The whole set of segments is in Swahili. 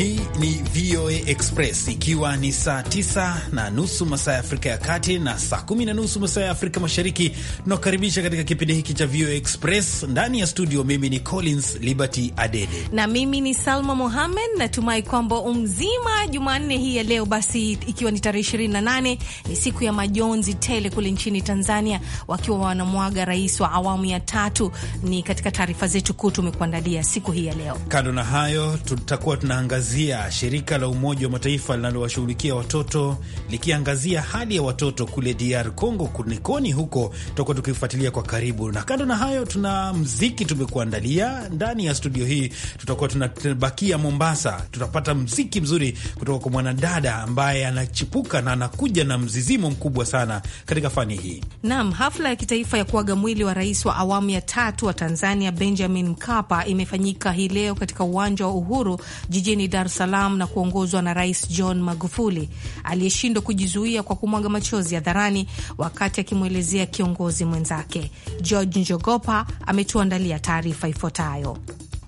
Hii ni VOA Express, ikiwa ni saa tisa na nusu masaa ya Afrika ya Kati na saa kumi na nusu masaa ya Afrika Mashariki. Tunakukaribisha katika kipindi hiki cha VOA Express ndani ya studio. Mimi ni Collins Liberty Adede na mimi ni Salma Mohamed. Natumai kwamba umzima Jumanne hii ya leo. Basi ikiwa ni tarehe 28 ni siku ya majonzi tele kule nchini Tanzania, wakiwa wanamwaga rais wa awamu ya tatu. Ni katika taarifa zetu kuu tumekuandalia siku hii ya leo. Kando na hayo, tutakuwa tunaangazia kuangazia shirika la Umoja wa Mataifa linalowashughulikia watoto likiangazia hali ya watoto kule DR Congo, kunikoni huko tutakuwa tukifuatilia kwa karibu. Na kando na hayo, tuna mziki tumekuandalia ndani ya studio hii. Tutakuwa tunabakia Mombasa, tutapata mziki mzuri kutoka kwa mwanadada ambaye anachipuka na anakuja na mzizimo mkubwa sana katika fani hii. Naam, hafla ya kitaifa ya kuaga mwili wa rais wa awamu ya tatu wa Tanzania Benjamin Mkapa imefanyika hii leo katika uwanja wa Uhuru jijini Dar Dar es Salaam na kuongozwa na Rais John Magufuli aliyeshindwa kujizuia kwa kumwaga machozi hadharani wakati akimwelezea kiongozi mwenzake. George Njogopa ametuandalia taarifa ifuatayo.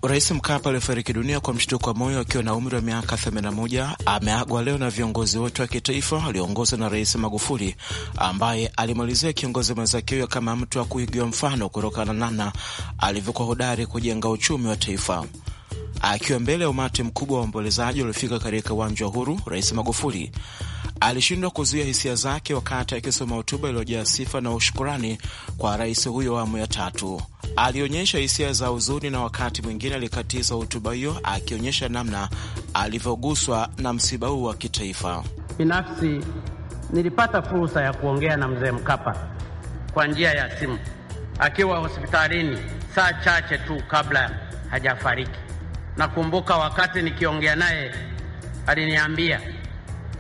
Rais Mkapa aliyefariki dunia kwa mshtuko wa moyo akiwa na umri wa miaka 81 ameagwa leo na viongozi wote wa kitaifa walioongozwa na Rais Magufuli, ambaye alimwelezea kiongozi mwenzake huyo kama mtu wa kuigiwa mfano kutokana na namna alivyokuwa hodari kujenga uchumi wa taifa. Akiwa mbele ya umati mkubwa wa waombolezaji waliofika katika uwanja wa Uhuru, Rais Magufuli alishindwa kuzuia hisia zake wakati akisoma hotuba iliyojaa sifa na ushukurani kwa rais huyo wa awamu ya tatu. Alionyesha hisia za huzuni na wakati mwingine alikatiza hotuba hiyo, akionyesha namna alivyoguswa na msiba huu wa kitaifa. Binafsi nilipata fursa ya kuongea na mzee Mkapa kwa njia ya simu akiwa hospitalini saa chache tu kabla hajafariki. Nakumbuka wakati nikiongea naye aliniambia,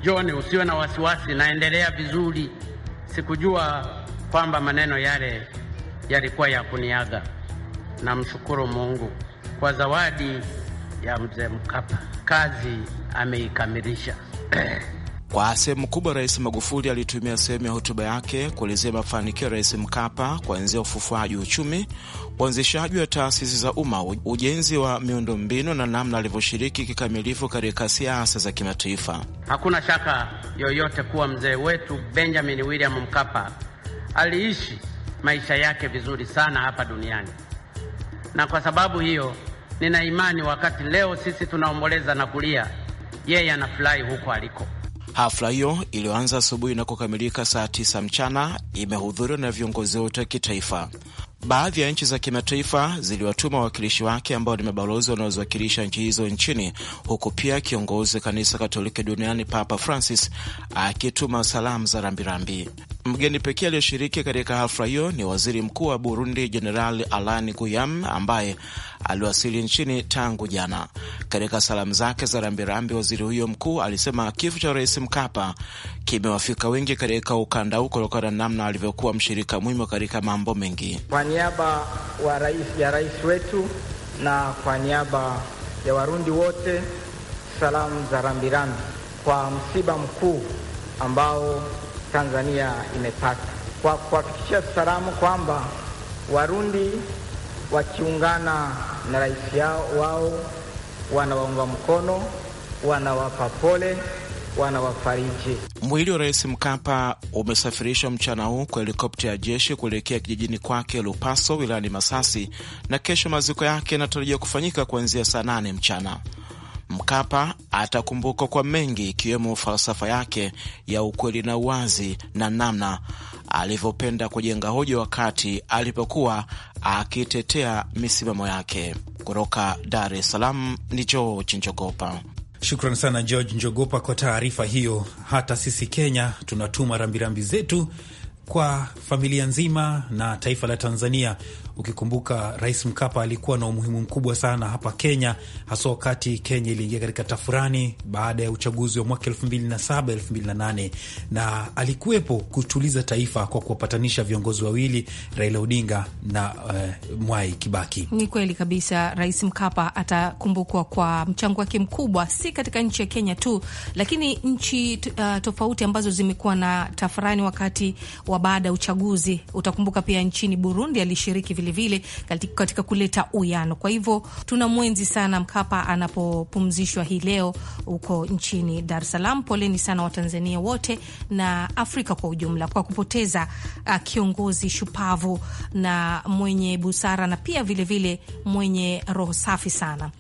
John, usiwe na wasiwasi, naendelea vizuri. Sikujua kwamba maneno yale yalikuwa ya kuniaga. Namshukuru Mungu kwa zawadi ya mzee Mkapa, kazi ameikamilisha. Kwa sehemu kubwa, Rais Magufuli alitumia sehemu ya hotuba yake kuelezea mafanikio ya Rais Mkapa kuanzia ufufuaji uchumi, uanzishaji wa taasisi za umma, ujenzi wa miundombinu na namna alivyoshiriki kikamilifu katika siasa za kimataifa. Hakuna shaka yoyote kuwa mzee wetu Benjamin William Mkapa aliishi maisha yake vizuri sana hapa duniani, na kwa sababu hiyo nina imani wakati leo sisi tunaomboleza na kulia, yeye anafurahi huko aliko. Hafla hiyo iliyoanza asubuhi na kukamilika saa tisa mchana imehudhuriwa na viongozi wote wa kitaifa. Baadhi ya nchi za kimataifa ziliwatuma wawakilishi wake ambao ni mabalozi wanaoziwakilisha nchi hizo nchini, huku pia kiongozi wa kanisa Katoliki duniani Papa Francis akituma salamu za rambirambi. Mgeni pekee aliyoshiriki katika hafla hiyo ni waziri mkuu wa Burundi jeneral Alani guyam ambaye aliwasili nchini tangu jana. Katika salamu zake za rambirambi, waziri huyo mkuu alisema kifo cha Rais Mkapa kimewafika wengi katika ukanda huu kutokana na namna alivyokuwa mshirika muhimu katika mambo mengi. Kwa niaba wa rais, ya rais wetu na kwa niaba ya Warundi wote, salamu za rambirambi kwa msiba mkuu ambao Tanzania imepata, kwa kuhakikisha salamu kwamba Warundi wakiungana na rais yao wao wanawaunga mkono, wanawapa pole wanawafariji. Mwili wa Rais Mkapa umesafirishwa mchana huu kwa helikopta ya jeshi kuelekea kijijini kwake Lupaso wilayani Masasi, na kesho maziko yake yanatarajiwa kufanyika kuanzia saa nane mchana. Mkapa atakumbukwa kwa mengi ikiwemo falsafa yake ya ukweli na uwazi na namna alivyopenda kujenga hoja wakati alipokuwa akitetea misimamo yake. Kutoka Dar es Salaam ni Joo Njogopa. Shukran sana George Njogopa kwa taarifa hiyo. Hata sisi Kenya tunatuma rambirambi zetu kwa familia nzima na taifa la Tanzania. Ukikumbuka Rais Mkapa alikuwa na umuhimu mkubwa sana hapa Kenya, haswa wakati Kenya iliingia katika tafurani baada ya uchaguzi wa mwaka 2007 na alikuwepo kutuliza taifa kwa kuwapatanisha viongozi wawili, Raila Odinga na uh, Mwai Kibaki. Ni kweli kabisa, Rais Mkapa atakumbukwa kwa mchango wake mkubwa, si katika nchi ya Kenya tu, lakini nchi uh, tofauti ambazo zimekuwa na tafurani wakati wa baada ya uchaguzi. Utakumbuka pia nchini Burundi alishiriki vilevile katika kuleta uyano. Kwa hivyo tuna mwenzi sana Mkapa anapopumzishwa hii leo huko nchini Dar es Salaam. Poleni sana Watanzania wote na Afrika kwa ujumla kwa kupoteza uh, kiongozi shupavu na mwenye busara na pia vilevile vile mwenye roho safi sana.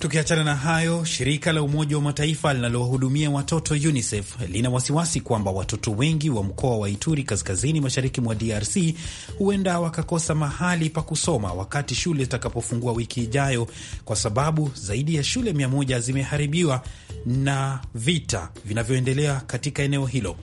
Tukiachana na hayo, shirika la Umoja wa Mataifa linalowahudumia watoto UNICEF lina wasiwasi kwamba watoto wengi wa mkoa wa Ituri kaskazini mashariki mwa DRC huenda wakakosa mahali pa kusoma wakati shule zitakapofungua wiki ijayo, kwa sababu zaidi ya shule mia moja zimeharibiwa na vita vinavyoendelea katika eneo hilo.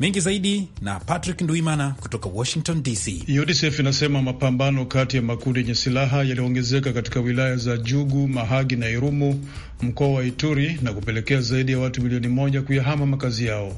Mengi zaidi na Patrick Nduimana kutoka Washington DC. UDCF inasema mapambano kati ya makundi yenye silaha yaliongezeka katika wilaya za Jugu, Mahagi na Irumu, mkoa wa Ituri, na kupelekea zaidi ya watu milioni moja kuyahama makazi yao.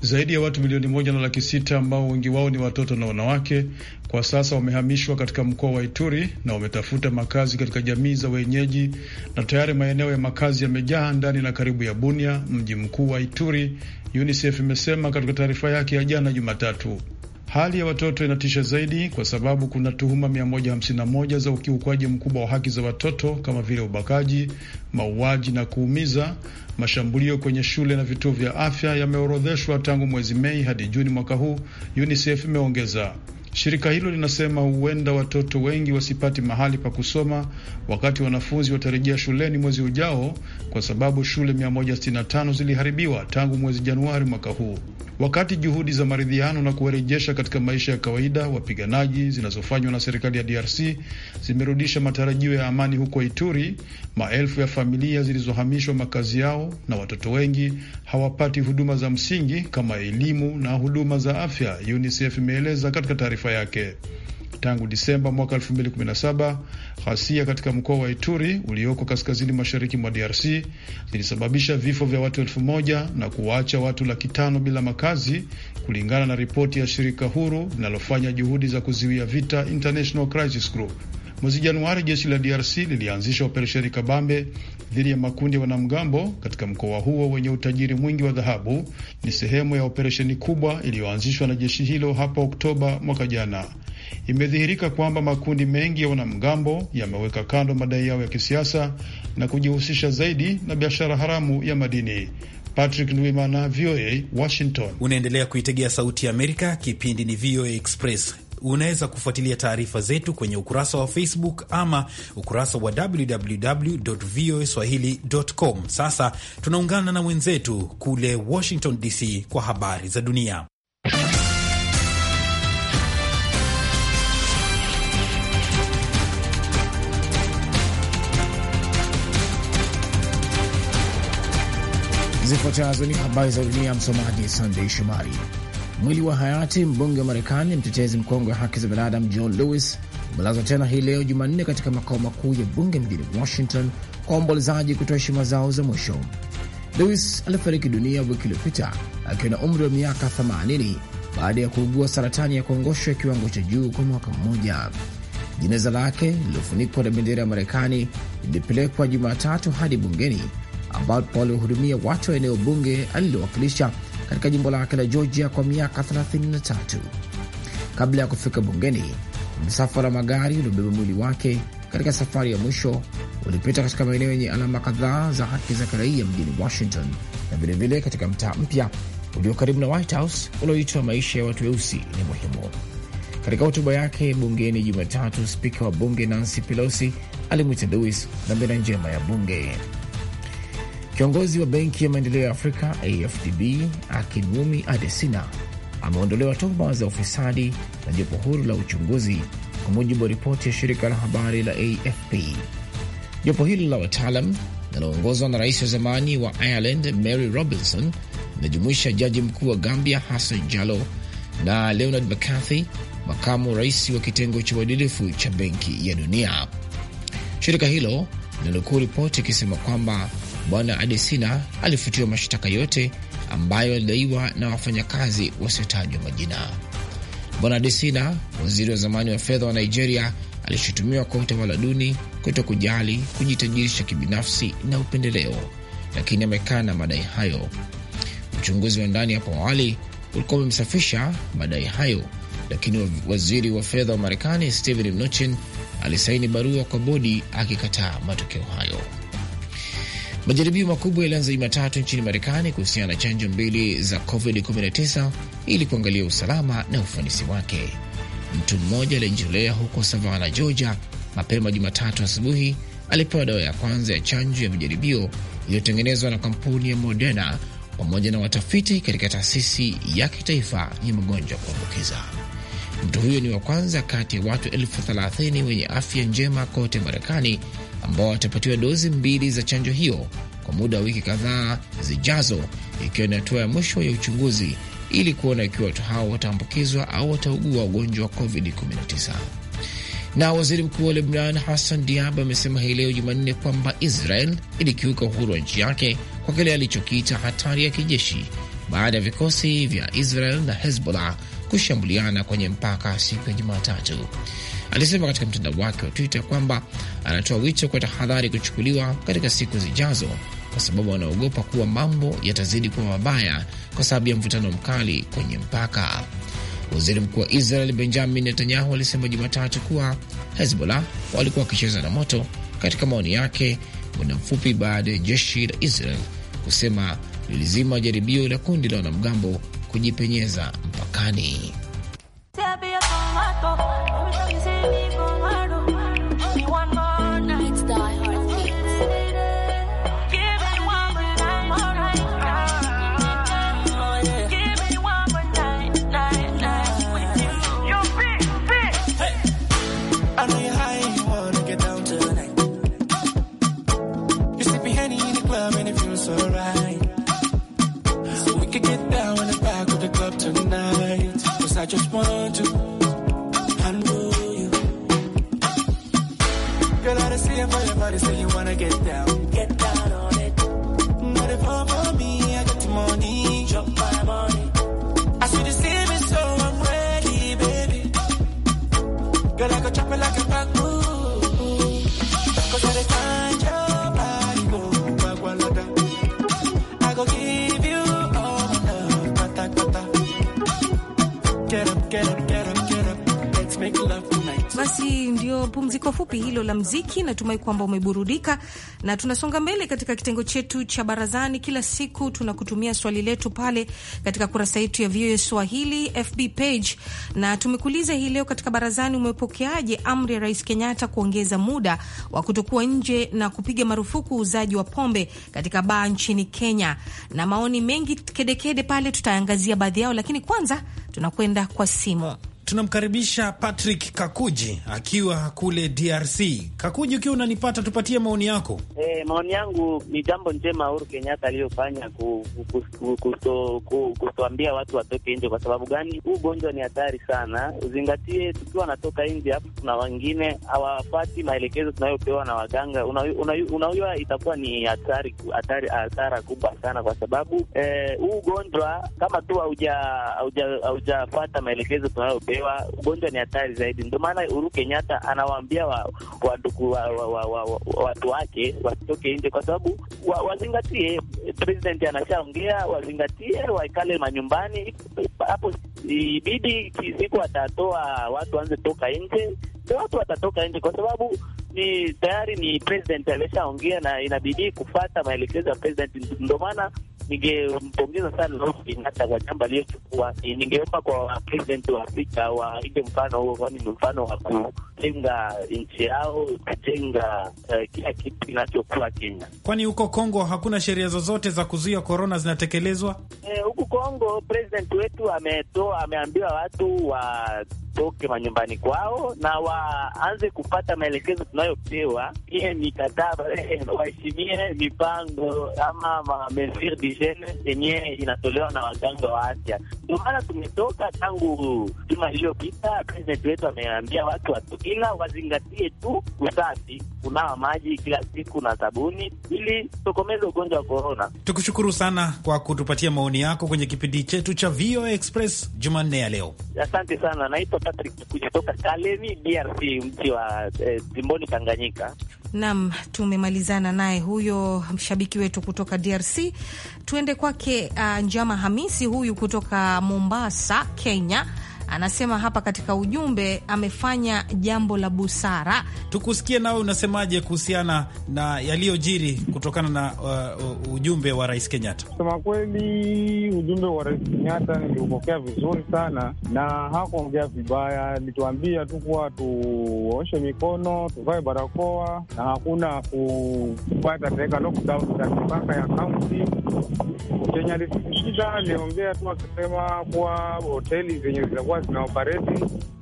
Zaidi ya watu milioni moja na laki sita ambao wengi wao ni watoto na wanawake, kwa sasa wamehamishwa katika mkoa wa Ituri na wametafuta makazi katika jamii za wenyeji, na tayari maeneo ya makazi yamejaa ndani na karibu ya Bunia, mji mkuu wa Ituri UNICEF imesema katika taarifa yake ya jana Jumatatu. Hali ya watoto inatisha zaidi kwa sababu kuna tuhuma 151 za ukiukwaji mkubwa wa haki za watoto kama vile ubakaji, mauaji na kuumiza. Mashambulio kwenye shule na vituo vya afya yameorodheshwa tangu mwezi Mei hadi Juni mwaka huu, UNICEF imeongeza. Shirika hilo linasema huenda watoto wengi wasipati mahali pa kusoma wakati wanafunzi watarejea shuleni mwezi ujao, kwa sababu shule 165 ziliharibiwa tangu mwezi Januari mwaka huu. Wakati juhudi za maridhiano na kuwarejesha katika maisha ya kawaida wapiganaji zinazofanywa na serikali ya DRC zimerudisha matarajio ya amani huko Ituri, maelfu ya familia zilizohamishwa makazi yao na watoto wengi hawapati huduma za msingi kama elimu na huduma za afya, UNICEF imeeleza katika taarifa mataifa yake. Tangu Disemba mwaka 2017 ghasia katika mkoa wa Ituri ulioko kaskazini mashariki mwa DRC zilisababisha vifo vya watu elfu moja na kuwaacha watu laki tano bila makazi, kulingana na ripoti ya shirika huru linalofanya juhudi za kuziwia vita International Crisis Group. Mwezi Januari jeshi la DRC lilianzisha operesheni kabambe dhidi ya makundi ya wanamgambo katika mkoa huo wenye utajiri mwingi wa dhahabu. Ni sehemu ya operesheni kubwa iliyoanzishwa na jeshi hilo hapo Oktoba mwaka jana. Imedhihirika kwamba makundi mengi ya wanamgambo yameweka kando madai yao ya kisiasa na kujihusisha zaidi na biashara haramu ya madini. Patrick Ndwimana, VOA, Washington. Unaendelea kuitegea Sauti ya Amerika, kipindi ni VOA Express unaweza kufuatilia taarifa zetu kwenye ukurasa wa Facebook ama ukurasa wa www voa swahili.com. Sasa tunaungana na wenzetu kule Washington DC kwa habari za dunia. Zifuatazo ni habari za dunia. Msomaji Sandei Shomari. Mwili wa hayati mbunge wa Marekani, mtetezi mkongwe wa haki za binadamu John Lewis umelazwa tena hii leo Jumanne katika makao makuu ya bunge mjini Washington kwa waombolezaji kutoa heshima zao za mwisho. Lewis alifariki dunia wiki iliyopita akiwa na umri wa miaka 80 baada ya kuugua saratani ya kongosho ya kiwango cha juu kwa mwaka mmoja. Jeneza lake lililofunikwa na bendera ya Marekani lilipelekwa Jumatatu hadi bungeni ambapo waliohudumia watu wa eneo bunge alilowakilisha katika jimbo lake la Georgia kwa miaka 33. Kabla ya kufika bungeni, msafara wa magari uliobeba mwili wake katika safari ya mwisho ulipita katika maeneo yenye alama kadhaa za haki za kiraia mjini Washington na vilevile katika mtaa mpya ulio karibu na White House unaoitwa maisha ya watu weusi ni muhimu. Katika hotuba yake bungeni Jumatatu, spika wa bunge Nancy Pelosi alimwita Lewis na njema ya bunge. Kiongozi wa Benki ya Maendeleo ya Afrika AfDB Akinwumi Adesina ameondolewa tuhuma za ufisadi na jopo huru la uchunguzi, kwa mujibu wa ripoti ya shirika la habari la AFP. Jopo hilo la wataalam linaloongozwa na rais wa zamani wa Ireland Mary Robinson linajumuisha jaji mkuu wa Gambia Hassan jalo na Leonard McCarthy, makamu rais wa kitengo cha uadilifu cha Benki ya Dunia. Shirika hilo linanukuu ripoti ikisema kwamba Bwana Adesina alifutiwa mashtaka yote ambayo alidaiwa na wafanyakazi wasiotajwa majina. Bwana Adesina, waziri wa zamani wa fedha wa Nigeria, alishutumiwa kwa utawala duni, kuto kujali, kujitajirisha kibinafsi na upendeleo, lakini na madai hayo. Uchunguzi wa ndani hapo awali ulikuwa umemsafisha madai hayo, lakini waziri wa fedha wa Marekani Steven Mnuchin alisaini barua kwa bodi akikataa matokeo hayo. Majaribio makubwa yalianza Jumatatu nchini Marekani kuhusiana na chanjo mbili za COVID-19 ili kuangalia usalama na ufanisi wake. Mtu mmoja aliyejitolea huko Savana, Georgia, mapema Jumatatu asubuhi alipewa dawa ya kwanza ya chanjo ya majaribio iliyotengenezwa na kampuni ya Moderna pamoja na watafiti katika taasisi ya kitaifa ya magonjwa ya kuambukiza. Mtu huyo ni wa kwanza kati ya watu elfu thelathini wenye afya njema kote Marekani ambao watapatiwa dozi mbili za chanjo hiyo kwa muda wa wiki kadhaa zijazo, ikiwa ni hatua ya mwisho ya uchunguzi ili kuona ikiwa watu hao wataambukizwa au wataugua ugonjwa wa COVID-19. Na waziri mkuu wa Lebnan Hassan Diab amesema hii leo Jumanne kwamba Israel ilikiuka uhuru wa nchi yake kwa kile alichokiita hatari ya kijeshi baada ya vikosi vya Israel na Hezbollah kushambuliana kwenye mpaka siku ya Jumatatu. Alisema katika mtandao wake wa Twitter kwamba anatoa wito kwa tahadhari kuchukuliwa katika siku zijazo, kwa sababu anaogopa kuwa mambo yatazidi kuwa mabaya kwa sababu ya mvutano mkali kwenye mpaka. Waziri mkuu wa Israel Benjamin Netanyahu alisema Jumatatu kuwa Hezbollah walikuwa wakicheza na moto, katika maoni yake muda mfupi baada ya jeshi la Israel kusema lilizima jaribio la kundi la wanamgambo kujipenyeza mpakani. Girl, I done see it for your body, so you wanna get down. Get down on it. Not if all for me, I got the money. drop my money. I see the ceiling, so I'm ready, baby. Girl, I go chop it like a pumziko fupi hilo la mziki. Natumai kwamba umeburudika, na tunasonga mbele katika kitengo chetu cha barazani. Kila siku tunakutumia swali letu pale katika kurasa yetu ya VOA Swahili FB page, na tumekuuliza hii leo katika barazani, umepokeaje amri ya Rais Kenyatta kuongeza muda wa kutokuwa nje na kupiga marufuku uuzaji wa pombe katika baa nchini Kenya? Na maoni mengi kedekede kede pale, tutaangazia baadhi yao, lakini kwanza tunakwenda kwa simu. Tunamkaribisha Patrick Kakuji akiwa kule DRC. Kakuji, ukiwa unanipata, tupatie maoni yako. E, maoni yangu ni jambo njema Uhuru Kenyatta aliyofanya kutoambia watu watoke nje. Kwa sababu gani? Huu ugonjwa ni hatari sana, uzingatie, tukiwa natoka nje hapo, kuna wengine hawapati maelekezo tunayopewa na waganga, unauywa, itakuwa ni hatari, hatari, hasara kubwa sana, kwa sababu eh, huu e, ugonjwa kama tu haujafata maelekezo tunayopewa kuelewa ugonjwa ni hatari zaidi. Ndio maana Uhuru Kenyatta anawaambia watu wa, wa, wa, wa, wa, wa wake wasitoke nje, kwa sababu wa, wazingatie president anashaongea, wazingatie, waikale manyumbani. Hapo ibidi siku atatoa watu waanze toka nje, ndio watu watatoka nje, kwa sababu ni tayari ni president ameshaongea, na inabidi kufata maelekezo ya president. Ndio maana ningempongeza sana Uhuru Kenyatta kwa jambo aliyochukua. Eh, ningeomba kwa president wa Afrika waige mfano huo, kwani ni mfano wa kujenga nchi yao, kujenga eh, kila kitu kinachokuwa Kenya. Kwani huko Kongo hakuna sheria zozote za kuzuia korona zinatekelezwa? Eh, huku Kongo president wetu ametoa, ameambiwa watu wa watoke manyumbani kwao na waanze kupata maelekezo tunayopewa, iye mikataba waheshimie mipango ama mamesure d'hygiene yenye inatolewa na waganga wa afya. Ndio maana tumetoka tangu juma iliyopita, president wetu ameambia watu watu, ila wazingatie tu usafi, kunawa maji kila siku na sabuni, ili tokomeza ugonjwa wa korona. Tukushukuru sana kwa kutupatia maoni yako kwenye kipindi chetu cha VOA Express Jumanne ya leo. Asante sana, naitwa Patrick kutoka Kalemi, DRC, mji wa eh, jimboni eh, Tanganyika. Naam, tumemalizana naye huyo mshabiki wetu kutoka DRC. Tuende kwake uh, Njama Hamisi huyu kutoka Mombasa, Kenya anasema hapa katika ujumbe amefanya jambo la busara. Tukusikie nawe unasemaje kuhusiana na yaliyojiri kutokana na uh, uh ujumbe wa Rais Kenyatta. Sema kweli, ujumbe wa Rais Kenyatta niliupokea vizuri sana na hakuongea vibaya, alituambia tu kuwa tuoshe mikono, tuvae barakoa na hakuna kupata teka lockdown za mipaka ya kaunti. Chenye alisisitiza aliongea tu akisema kuwa hoteli zenye zitakuwa zinaopereti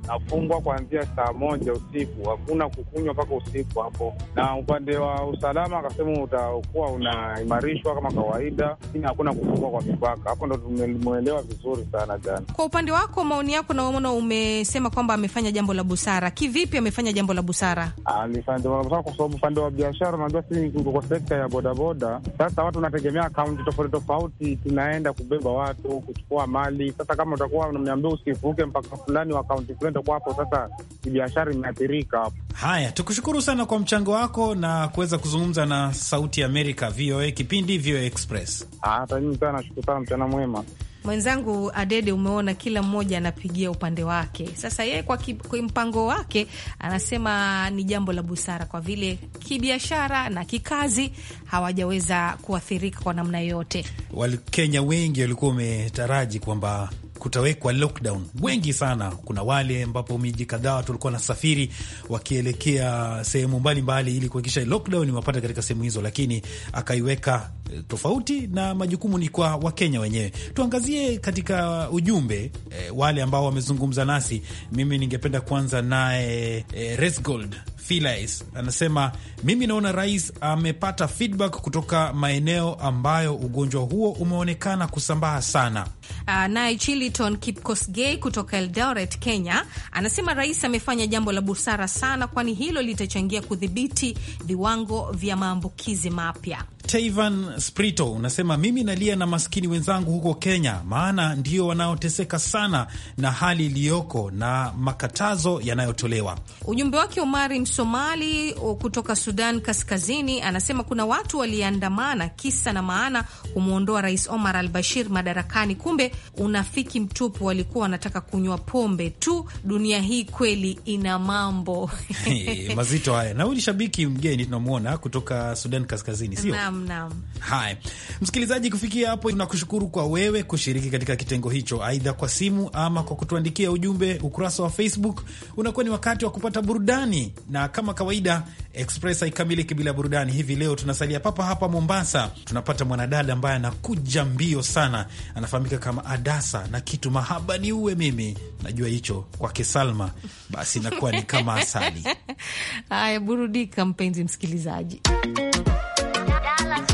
nafungwa kuanzia saa moja usiku, hakuna kukunywa mpaka usiku hapo. Na upande wa usalama akasema utakuwa unaimarishwa kama kawaida, lakini hakuna kufungwa kwa mipaka. Hapo ndo tumemwelewa vizuri sana jana. Kwa upande wako, maoni yako, naona umesema kwamba amefanya jambo la busara. Kivipi amefanya jambo la busara? Alifanya jambo la busara kwa sababu upande wa biashara, unajua si kwa sekta ya bodaboda, sasa watu wanategemea akaunti tofauti tofauti, tunaenda kubeba watu, kuchukua mali. Sasa kama utakuwa unaniambia usivuke mpaka fulani wa akaunti fulani itakuwa hapo sasa biashara imeathirika hapo. Haya, tukushukuru sana kwa mchango wako na kuweza kuzungumza na Sauti Amerika VOA kipindi VOA Express. Hata sana nashukuru sana, mchana mwema mwenzangu Adede. Umeona kila mmoja anapigia upande wake. Sasa yeye kwa, kwa mpango wake anasema ni jambo la busara, kwa vile kibiashara na kikazi hawajaweza kuathirika kwa namna yoyote. Wakenya wengi walikuwa wametaraji kwamba kutawekwa lockdown wengi sana. Kuna wale ambapo miji kadhaa tulikuwa nasafiri wakielekea sehemu mbalimbali, ili kuhakikisha lockdown imewapata katika sehemu hizo, lakini akaiweka Eh, tofauti na majukumu ni kwa Wakenya wenyewe. Tuangazie katika ujumbe e, wale ambao wamezungumza nasi. Mimi ningependa kuanza naye e, Resgold Filais anasema, mimi naona rais amepata feedback kutoka maeneo ambayo ugonjwa huo umeonekana kusambaa sana. Uh, naye Chiliton Kipkosgei kutoka Eldoret, Kenya anasema rais amefanya jambo la busara sana, kwani hilo litachangia kudhibiti viwango vya maambukizi mapya. Tavan Sprito unasema mimi nalia na maskini wenzangu huko Kenya, maana ndio wanaoteseka sana na hali iliyoko na makatazo yanayotolewa. Ujumbe wake Omari Msomali kutoka Sudan Kaskazini anasema kuna watu waliandamana, kisa na maana kumwondoa Rais Omar al Bashir madarakani, kumbe unafiki mtupu, walikuwa wanataka kunywa pombe tu. Dunia hii kweli ina mambo mazito haya. Na huyu ni shabiki mgeni tunamwona kutoka Sudan Kaskazini, sio? Naam, naam. Haya msikilizaji, kufikia hapo tunakushukuru kwa wewe kushiriki katika kitengo hicho, aidha kwa simu ama kwa kutuandikia ujumbe ukurasa wa Facebook. Unakuwa ni wakati wa kupata burudani, na kama kawaida Express haikamiliki bila burudani. Hivi leo tunasalia papa hapa Mombasa, tunapata mwanadada ambaye anakuja mbio sana, anafahamika kama Adasa na kitu mahaba ni uwe mimi najua hicho kwake Salma, basi inakuwa ni kama asali. Haya, burudika mpenzi msikilizaji.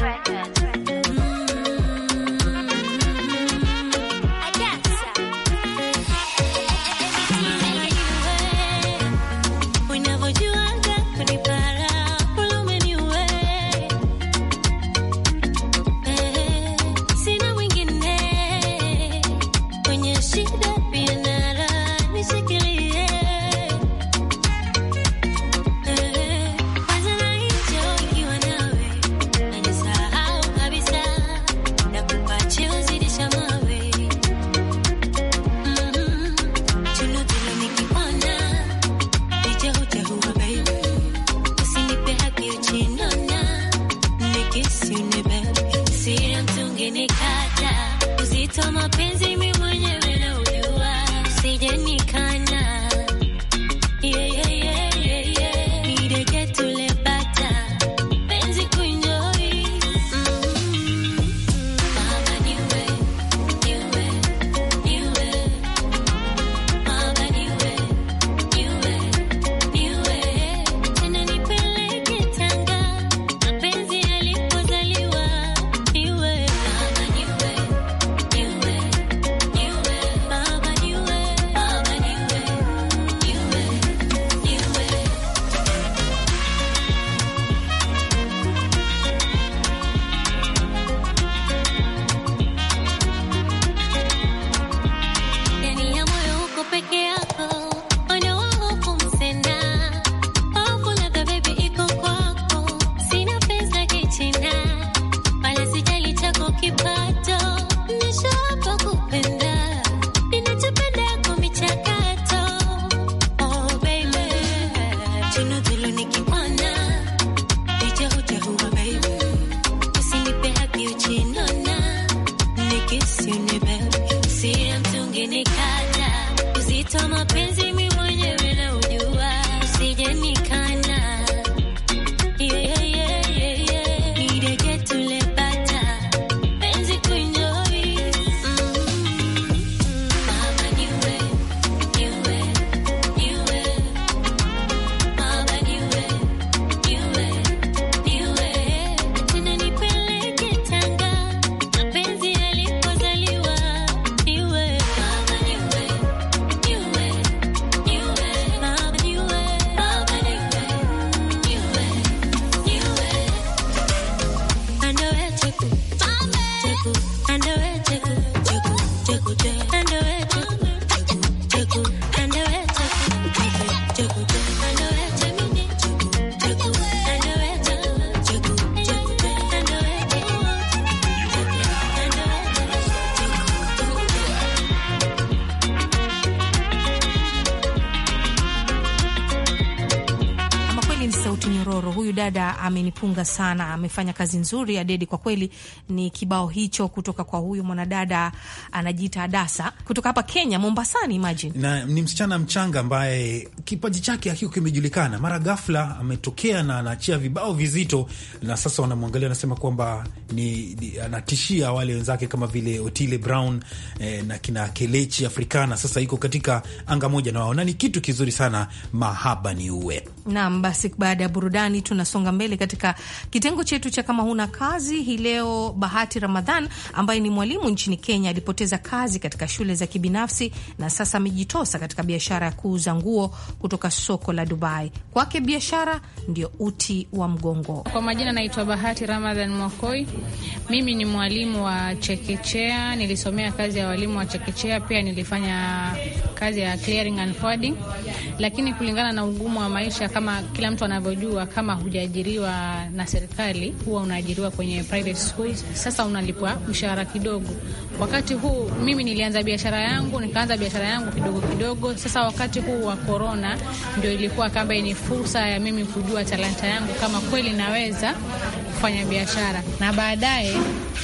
Records. amejifunga sana, amefanya kazi nzuri Adedi. Kwa kweli ni kibao hicho kutoka kwa huyu mwanadada anajiita Dasa kutoka hapa Kenya, Mombasani. Imagine na ni msichana mchanga ambaye kipaji chake hakiko kimejulikana, mara ghafla ametokea na anaachia vibao vizito, na sasa wanamwangalia anasema kwamba ni, ni anatishia wale wenzake kama vile Otile Brown eh, na kina Kelechi Afrikana. Sasa iko katika anga moja na wao na ni kitu kizuri sana, mahaba ni uwe nam. Basi baada ya burudani tunasonga mbele katika kitengo chetu cha kama huna kazi hii leo. Bahati Ramadhan ambaye ni mwalimu nchini Kenya alipoteza kazi katika shule za kibinafsi na sasa amejitosa katika biashara ya kuuza nguo kutoka soko la Dubai. Kwake biashara ndio uti wa mgongo. Kwa majina naitwa Bahati Ramadhan Mokoi. Mimi ni mwalimu wa chekechea, nilisomea kazi ya walimu wa chekechea, pia nilifanya kazi ya clearing and forwarding, lakini kulingana na ugumu wa maisha, kama kila mtu anavyojua, kama hujaajiriwa na, serikali huwa unaajiriwa kwenye private schools. Sasa unalipwa mshahara kidogo. Wakati huu mimi nilianza biashara yangu, nikaanza biashara yangu kidogo kidogo. Sasa wakati huu wa korona ndio ilikuwa kama ni fursa ya mimi kujua talanta yangu kama kweli naweza kufanya biashara, na baadaye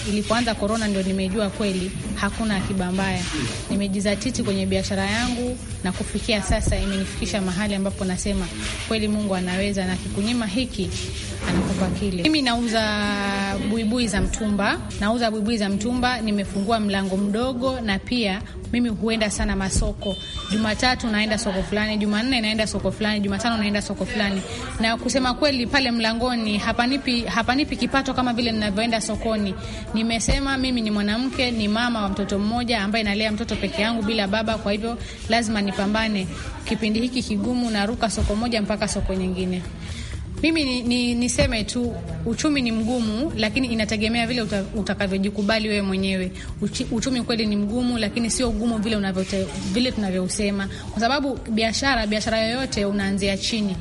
ilipoanza korona ndio nimejua kweli hakuna akiba mbaya. Nimejizatiti kwenye biashara yangu na kufikia sasa imenifikisha mahali ambapo nasema kweli Mungu anaweza, na kikunyima hiki anakopa kile. Mimi nauza buibui za mtumba, nauza buibui za mtumba, nimefungua mlango mdogo, na pia mimi huenda sana masoko. Jumatatu naenda soko fulani, Jumanne naenda soko fulani, Jumatano naenda soko fulani. Na kusema kweli, pale mlangoni hapanipi, hapanipi kipato kama vile ninavyoenda sokoni. Nimesema mimi ni mwanamke, ni mama wa mtoto mmoja ambaye nalea mtoto peke yangu bila baba, kwa hivyo lazima nipambane. Kipindi hiki kigumu, naruka soko moja mpaka soko nyingine. Mimi ni, ni, niseme tu uchumi ni mgumu, lakini inategemea vile uta, utakavyojikubali wewe mwenyewe. Uchi, uchumi kweli ni mgumu, lakini sio ugumu vile unavyote, vile tunavyousema, kwa sababu biashara biashara yoyote unaanzia chini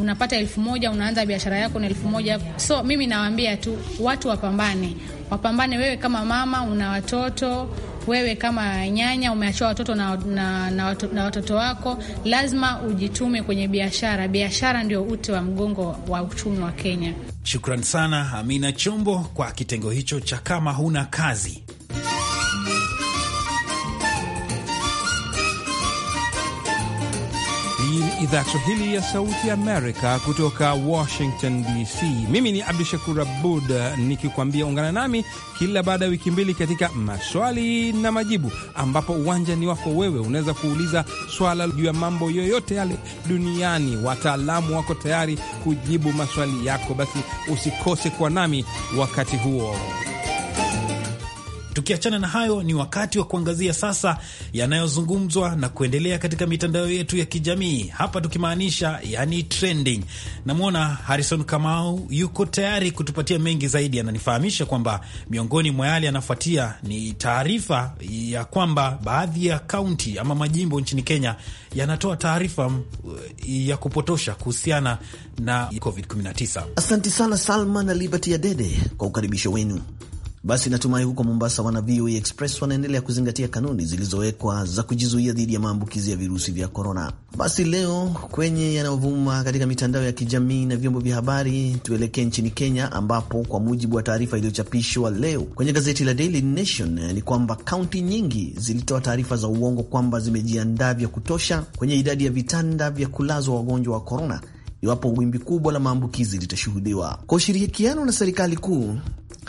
unapata elfu moja unaanza biashara yako na elfu moja So mimi nawaambia tu watu wapambane, wapambane. Wewe kama mama una watoto wewe kama nyanya umeachiwa watoto na, na, na, na watoto wako, lazima ujitume kwenye biashara. Biashara ndio uti wa mgongo wa uchumi wa Kenya. Shukran sana Amina Chombo kwa kitengo hicho cha kama huna kazi idhaa ya Kiswahili ya Sauti ya Amerika kutoka Washington DC. Mimi ni Abdu Shakur Abud nikikuambia ungana nami kila baada ya wiki mbili katika maswali na majibu, ambapo uwanja ni wako wewe. Unaweza kuuliza swala juu ya mambo yoyote yale duniani, wataalamu wako tayari kujibu maswali yako. Basi usikose kuwa nami wakati huo. Tukiachana na hayo, ni wakati wa kuangazia sasa yanayozungumzwa na kuendelea katika mitandao yetu ya kijamii, hapa tukimaanisha yani trending. Namwona Harrison Kamau yuko tayari kutupatia mengi zaidi, ananifahamisha kwamba miongoni mwa yale yanafuatia ni taarifa ya kwamba baadhi ya kaunti ama majimbo nchini Kenya yanatoa taarifa uh, ya kupotosha kuhusiana na COVID-19. Asante sana Salma na Liberty Adede kwa ukaribisho wenu. Basi natumai huko Mombasa wana VOA e Express wanaendelea kuzingatia kanuni zilizowekwa za kujizuia dhidi ya maambukizi ya virusi vya korona. Basi leo kwenye yanayovuma katika mitandao ya kijamii na vyombo vya habari, tuelekee nchini Kenya, ambapo kwa mujibu wa taarifa iliyochapishwa leo kwenye gazeti la Daily Nation eh, ni kwamba kaunti nyingi zilitoa taarifa za uongo kwamba zimejiandaa vya kutosha kwenye idadi ya vitanda vya kulazwa wagonjwa wa korona iwapo wimbi kubwa la maambukizi litashuhudiwa. Kwa ushirikiano na serikali kuu,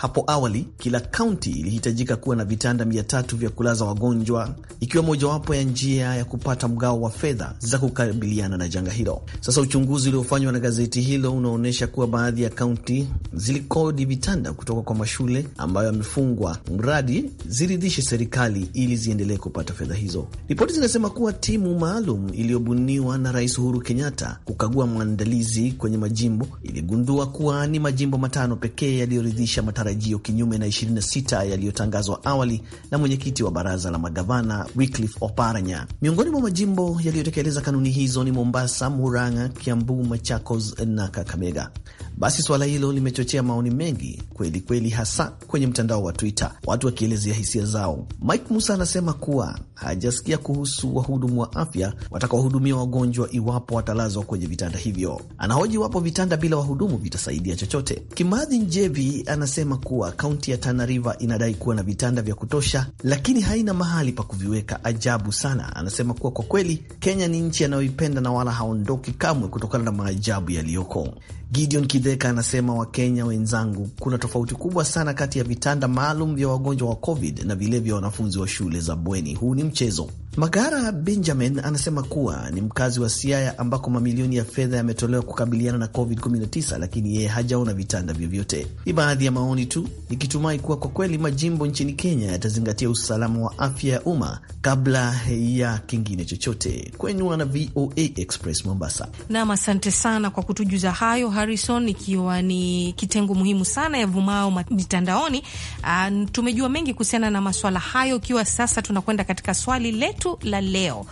hapo awali kila kaunti ilihitajika kuwa na vitanda mia tatu vya kulaza wagonjwa, ikiwa mojawapo ya njia ya kupata mgao wa fedha za kukabiliana na janga hilo. Sasa uchunguzi uliofanywa na gazeti hilo unaonyesha kuwa baadhi ya kaunti zilikodi vitanda kutoka kwa mashule ambayo yamefungwa, mradi ziridhishe serikali ili ziendelee kupata fedha hizo. Ripoti zinasema kuwa timu maalum iliyobuniwa na Rais Uhuru Kenyatta kukagua maandalizi kwenye majimbo iligundua kuwa ni majimbo matano pekee yaliyoridhisha matarajio, kinyume na 26 yaliyotangazwa awali na mwenyekiti wa baraza la magavana Wycliffe Oparanya. Miongoni mwa majimbo yaliyotekeleza kanuni hizo ni Mombasa, Murang'a, Kiambu, Machakos na Kakamega. Basi suala hilo limechochea maoni mengi kweli kweli, hasa kwenye mtandao wa Twitter, watu wakielezea hisia zao. Mike Musa anasema kuwa hajasikia kuhusu wahudumu wa afya watakaohudumia wagonjwa iwapo watalazwa kwenye vitanda hivyo. Anahoji iwapo vitanda bila wahudumu vitasaidia chochote. Kimadhi Njevi anasema amesema kuwa kaunti ya Tana River inadai kuwa na vitanda vya kutosha, lakini haina mahali pa kuviweka. Ajabu sana. Anasema kuwa kwa kweli Kenya ni nchi anayoipenda na wala haondoki kamwe kutokana na maajabu yaliyoko. Gideon Kidheka anasema, Wakenya wenzangu, kuna tofauti kubwa sana kati ya vitanda maalum vya wagonjwa wa COVID na vile vya wanafunzi wa shule za bweni. Huu ni mchezo. Magara Benjamin anasema kuwa ni mkazi wa Siaya ambako mamilioni ya fedha yametolewa kukabiliana na COVID-19, lakini yeye hajaona vitanda vyovyote. Ni baadhi ya maoni tu, nikitumai kuwa kwa kweli majimbo nchini Kenya yatazingatia usalama wa afya ya umma kabla ya kingine chochote. Kwenu wana VOA Express Mombasa. Nam, asante sana kwa kutujuza hayo Harrison, ikiwa ni kitengo muhimu sana ya vumao mitandaoni. Uh, tumejua mengi kuhusiana na maswala hayo, ikiwa sasa tunakwenda katika swali letu letu la leo.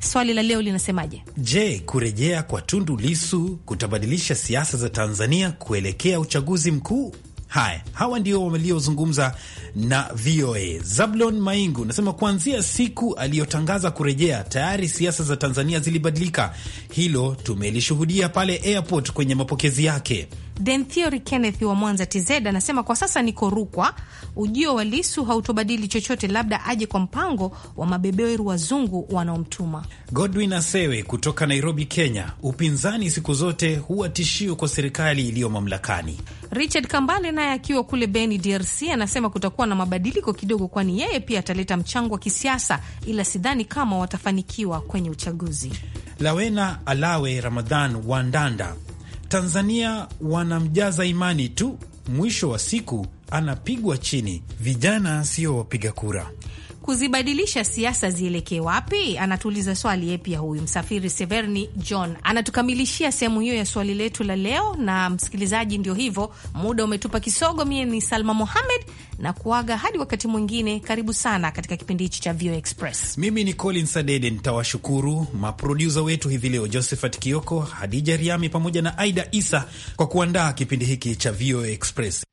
Swali la leo linasemaje? Je, kurejea kwa Tundu Lisu kutabadilisha siasa za Tanzania kuelekea uchaguzi mkuu? Haya, hawa ndio waliozungumza na VOA. Zablon Maingu nasema kuanzia siku aliyotangaza kurejea, tayari siasa za Tanzania zilibadilika. Hilo tumelishuhudia pale airport kwenye mapokezi yake denthiori Kenneth wa Mwanza TZ anasema kwa sasa niko Rukwa. Ujio wa Lisu hautobadili chochote, labda aje kwa mpango wa mabeberu wazungu wanaomtuma. Godwin Asewe kutoka Nairobi, Kenya, upinzani siku zote huwa tishio kwa serikali iliyo mamlakani. Richard Kambale naye akiwa kule Beni, DRC, anasema kutakuwa na mabadiliko kidogo, kwani yeye pia ataleta mchango wa kisiasa, ila sidhani kama watafanikiwa kwenye uchaguzi. Lawena Alawe Ramadhan Wandanda Watanzania wanamjaza imani tu, mwisho wa siku anapigwa chini. Vijana sio wapiga kura kuzibadilisha siasa zielekee wapi? Anatuuliza swali ye pia huyu msafiri Severni John anatukamilishia sehemu hiyo ya swali letu la leo. Na msikilizaji, ndio hivyo, muda umetupa kisogo. Mie ni Salma Mohamed na kuaga hadi wakati mwingine. Karibu sana katika kipindi hichi cha vo Express. Mimi ni Colin Sadede, nitawashukuru maprodusa wetu hivi leo Josephat Kioko, Hadija Riami pamoja na Aida Isa kwa kuandaa kipindi hiki cha VOA Express.